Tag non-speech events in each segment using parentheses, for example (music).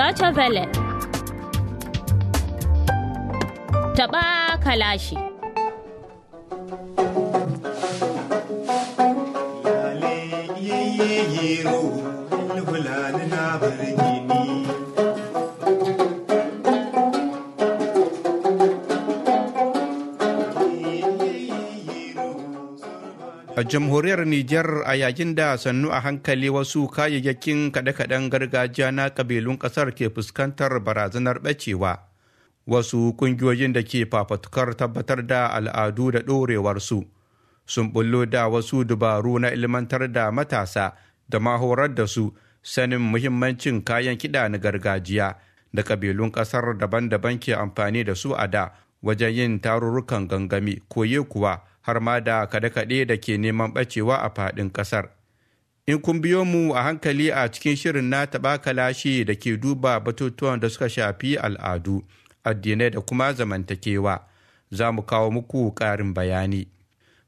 Deutsche Welle. taba kalashi. Yale, yeye, yero, na birni. a jamhuriyar Nijar a yayin da sannu a hankali wasu kayayyakin kaɗe-kaɗen gargajiya na ƙabilun ƙasar ke fuskantar barazanar ɓacewa. Wasu ƙungiyoyin da ke fafatukar tabbatar da al'adu da ɗorewar su sun bullo da wasu dubaru na ilmantar da matasa da mahorar da su sanin muhimmancin kayan kiɗa na gargajiya da ƙabilun ƙasar daban-daban ke amfani da su a da wajen yin tarurrukan gangami koye kuwa har ma da kaɗe-kaɗe da ke neman ɓacewa a faɗin ƙasar. In kun biyo mu a hankali a cikin shirin na taɓa da ke duba batutuwan da suka shafi al'adu, addinai da kuma zamantakewa, za mu kawo muku ƙarin bayani.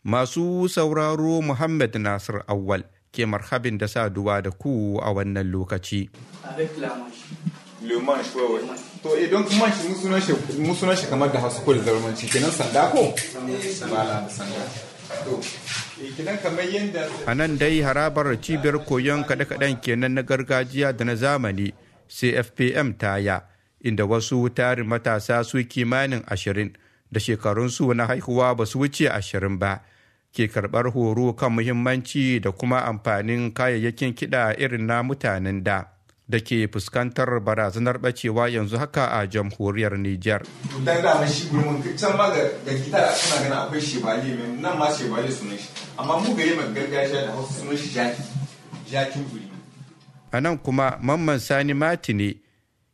Masu sauraro Muhammad Nasir Awal ke marhabin da sa duwa da ku a wannan lokaci. to idan kuma shi shi kamar da hausa ko da zamanci kenan sanda ko eh, a nan dai harabar cibiyar koyon kaɗe-kaɗen kenan na gargajiya da na zamani cfpm taya inda wasu tarin matasa su kimanin ashirin da shekarunsu na haihuwa ba su wuce ashirin ba ke karɓar horo kan muhimmanci da kuma amfanin kayayyakin kiɗa irin na mutanen da da ke fuskantar barazanar bacewa yanzu haka a jamhuriyar Nijar. Dan A nan kuma mamman Sani mati ne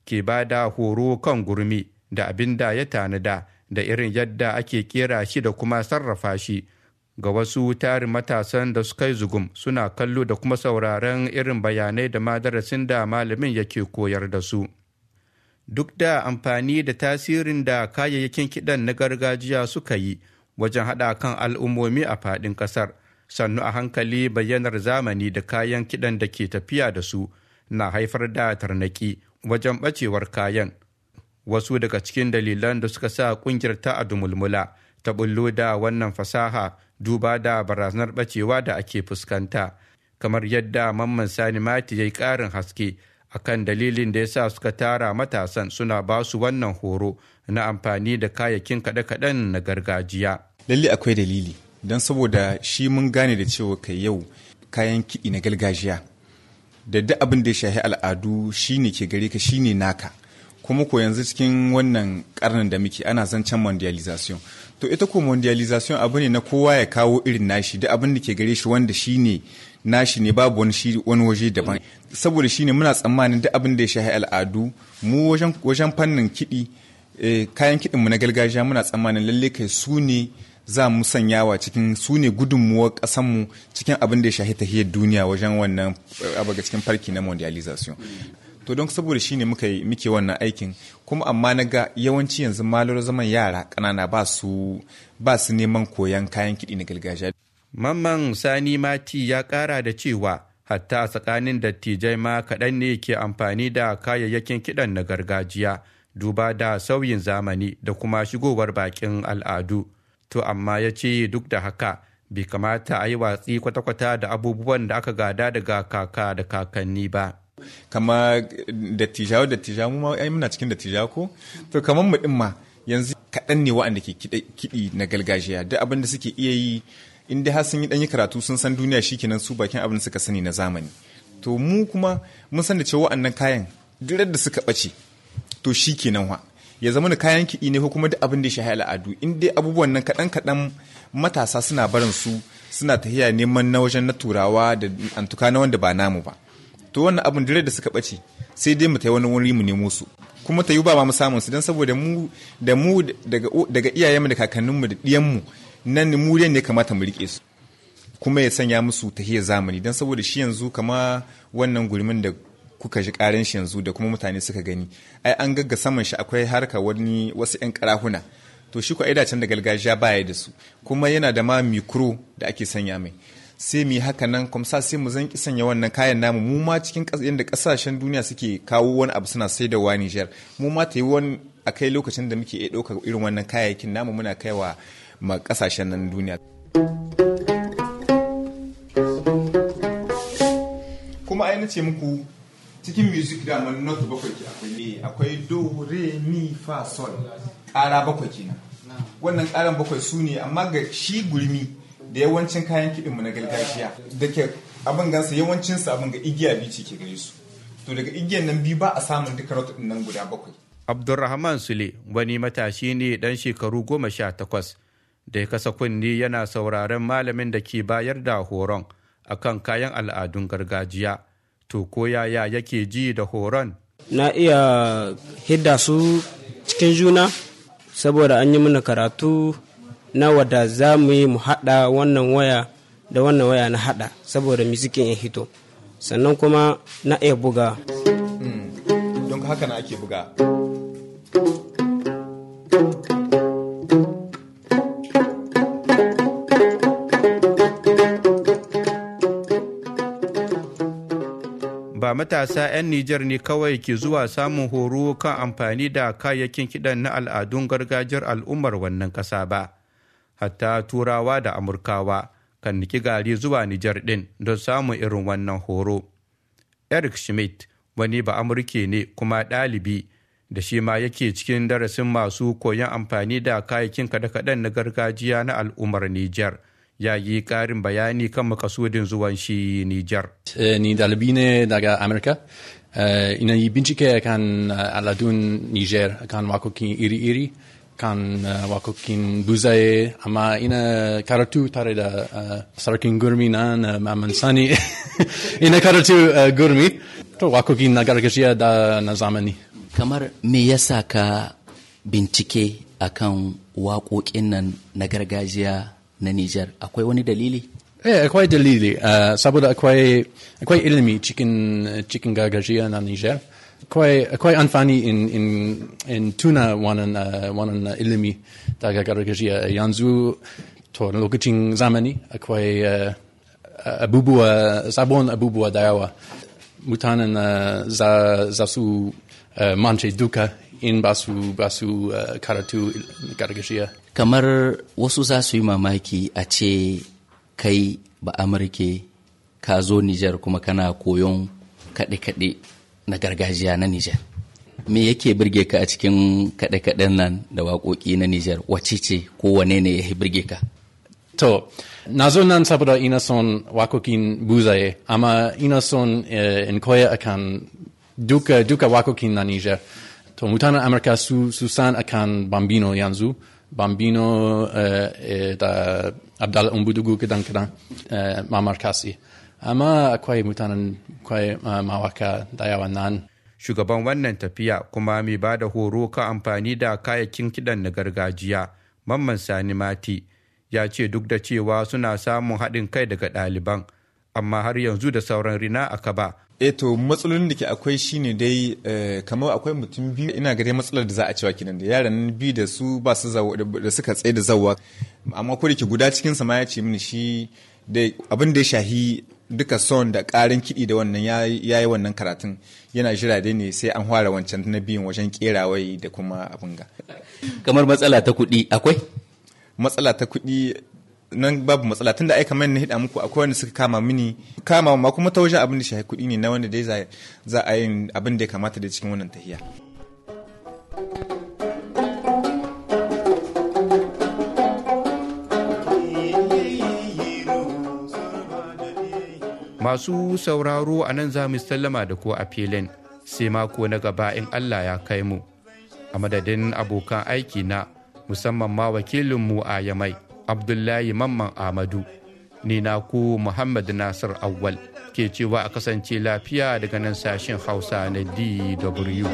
ke ba da horo kan gurmi da abin da ya tanada da irin yadda ake kera shi da kuma sarrafa shi ga wasu tarin matasan da suka yi zugum suna kallo da kuma sauraren irin bayanai da madarasin da malamin yake koyar da su duk da amfani da tasirin da kayayyakin kiɗan na gargajiya suka yi wajen haɗa kan al'ummomi a faɗin ƙasar sannu a hankali bayyanar zamani da kayan kiɗan da ke tafiya da su na haifar da tarnaki wajen ɓacewar kayan wasu daga cikin dalilan da suka sa ƙungiyar ta mulmula, ta bullo da wannan fasaha duba da barazanar bacewa da ake fuskanta kamar yadda mamman sani mati ya yi ƙarin haske akan dalilin da ya sa suka tara matasan suna ba su wannan horo na amfani da kayayyakin kaɗe-kaɗen na gargajiya. Lalle akwai dalili don saboda shi mun gane da cewa kai yau kayan kiɗi na gargajiya da abin da ya shahi al'adu shine ke gare ka shine naka. kuma ko yanzu cikin wannan karnin da muke ana zancen mondialization to ita ko mondialization abu ne na kowa ya kawo irin nashi duk abin da ke gare shi wanda shi ne nashi ne babu wani shi wani waje daban saboda shi ne muna tsammanin duk abin da ya shahi al'adu mu wajen fannin kiɗi eh, kayan kiɗin mu na gargajiya muna tsammanin lalle kai su ne za mu sanyawa cikin su ne gudunmuwar ƙasanmu cikin abin da ya shahi tahiyar duniya wajen wannan eh, abaga cikin farki na mondialization to don saboda shine muka yi muke wannan aikin kuma amma na ga yawanci yanzu malar zaman yara kanana ba su ba su neman koyan kayan kiɗi na gargajiya mamman sani mati ya ƙara da cewa hatta a tsakanin dattijai ma kaɗan ne ke amfani da kayayyakin kiɗan na gargajiya duba da sauyin zamani da kuma shigowar bakin al'adu to amma ya ce duk da haka bai kamata a yi watsi kwata-kwata da abubuwan da aka gada daga kaka da kakanni ba. kama dattijawa dattijawa mu ma ai muna cikin dattijawa ko to kamar mu din ma yanzu kaɗan ne wa'anda ke kiɗi na gargajiya duk abin da suke iya yi in dai har sun yi ɗan karatu sun san duniya shikenan su bakin abin da suka sani na zamani to mu kuma mun san da cewa wa'annan kayan duk da suka bace to shikenan wa ya zama kayan kiɗi ne ko kuma duk abin da ya shahi al'adu in dai abubuwan nan kadan kaɗan matasa suna barin su suna tahiya neman na wajen na turawa da antuka na wanda ba namu ba to wannan abin dare da suka ɓace sai dai mu yi wani wuri mu nemo su kuma ta yi ba mu samun su don saboda mu da mu daga iyayenmu da kakanninmu da ɗiyanmu nan mu ne kamata mu riƙe su kuma ya sanya musu ta hiyar zamani don saboda shi yanzu kama wannan gurmin da kuka ji karin shi yanzu da kuma mutane suka gani ai an gagga saman shi akwai harka wani wasu 'yan karahuna to shi ko ai da gargajiya baya da su kuma yana da ma mikro da ake sanya mai sai mu yi haka nan kuma sai mu zanki sanya wannan kayan namu mu ma cikin yadda kasashen duniya suke kawo wani abu suna saidawa Nijar mu ma ta yi wani a kai lokacin da muke iya ɗaukar irin wannan kayayyakin namu muna kaiwa ma kasashen nan duniya. kuma ai ce muku cikin music da man note bakwai ke akwai ne akwai do re mi fa sol ƙara bakwai kenan wannan ƙaran bakwai su ne amma ga shi gurmi da yawancin kayan kiɗinmu na gargajiya da ke abin gansa yawancinsu abin ga igiya biyu ke gare su to daga igiyan nan biyu ba a samun duka rot nan guda bakwai abdulrahman sule wani matashi ne dan shekaru goma sha takwas da ya kasa kunni yana sauraren malamin da ke bayar da horon akan kayan al'adun gargajiya to ko yaya yake ji da horon na iya hidda su cikin juna saboda an yi mana karatu nawa da za mu yi mu haɗa wannan waya da wannan waya na haɗa saboda musikin ya hito sannan kuma na iya buga hmm, don haka na ake buga ba matasa 'yan Nijar ne kawai ke zuwa samun horo kan amfani da kayayyakin kiɗan na al'adun gargajiyar al'ummar wannan ƙasa ba. hatta turawa da amurkawa kan niki gari zuwa nijar ɗin don samun irin wannan horo eric schmidt wani ba amurke ne kuma ɗalibi da shi ma yake cikin darasin masu koyon amfani da kayayyakin kaɗe-kaɗen na gargajiya na al'ummar nijar ya yi karin bayani kan makasudin zuwan shi nijar eh, ni dalibi ne daga amurka eh, ina yi bincike kan eh, al'adun nijar kan wakokin iri-iri kan uh, wakokin buzae ama ina karatu tare da uh, eh, sarkin gurmi na, na maman sani (laughs) ina karatu uh, gurmi to wakokin na gargajiya da na zamani kamar me yasa ka bincike akan waƙoƙin nan na gargajiya na Nijar akwai wani dalili Eh, akwai dalili uh, saboda akwai ilimi cikin, cikin gargajiya na Nijar quite anfani in, in, in tuna wannan uh, uh, ilimi daga gargajiya yanzu to lokacin zamani akwai uh, sabon abubuwa da yawa mutanen za, za su manche duka in basu su uh, karatu gargajiya kamar wasu za su yi mamaki a ce kai ba amurke ka zo nijar kuma kana koyon kaɗe-kaɗe na gargajiya na Nijar. Me yake birge ka a cikin kaɗe-kaɗen nan da waƙoƙi na Nijar wace ce ko wane ne ya birge ka? To, na zo nan saboda ina son waƙoƙin buzaye, amma ina son eh, in koya akan duka, duka waƙoƙin na Nijar. To, mutanen Amurka su, su san akan bambino yanzu. bambino eh, eh, da Abdallah Umbudugu kadan-kadan, Mamar Kasi. amma akwai mutanen kwai mawaka da yawa nan shugaban wannan tafiya kuma mai ba da horo ka amfani da kayakin kiɗan na gargajiya mamman sani mati ya ce duk da cewa suna samun haɗin kai daga ɗaliban amma har yanzu da sauran rina a kaba e to matsalolin da ke akwai shine dai eh, kamar akwai mutum biyu ina gare matsalar da za a cewa kinan da yaran biyu da su ba su da suka tsaye da zawa amma ko da ke guda cikin sama ya ce mini shi dai abin da ya shahi duka son da ƙarin kiɗi da wannan ya yi wannan karatun yana jira dai ne sai an fara wancan na biyun wajen kerawai da kuma abin ga. Kamar matsala ta kuɗi akwai? Matsala ta kuɗi nan babu matsala tunda aika kamar na hida muku akwai wanda suka kama mini kama ma kuma ta wajen abin da shi kuɗi ne na wanda dai za a yin abin da ya kamata da cikin wannan tahiya. masu sauraro a nan za mu sallama da ku a filin sai mako na gaba in allah ya kai mu a madadin abokan aiki na musamman ma wakilinmu a yamai abdullahi mamman amadu ni na ku muhammad nasir awwal ke cewa a kasance lafiya daga nan sashen hausa na dw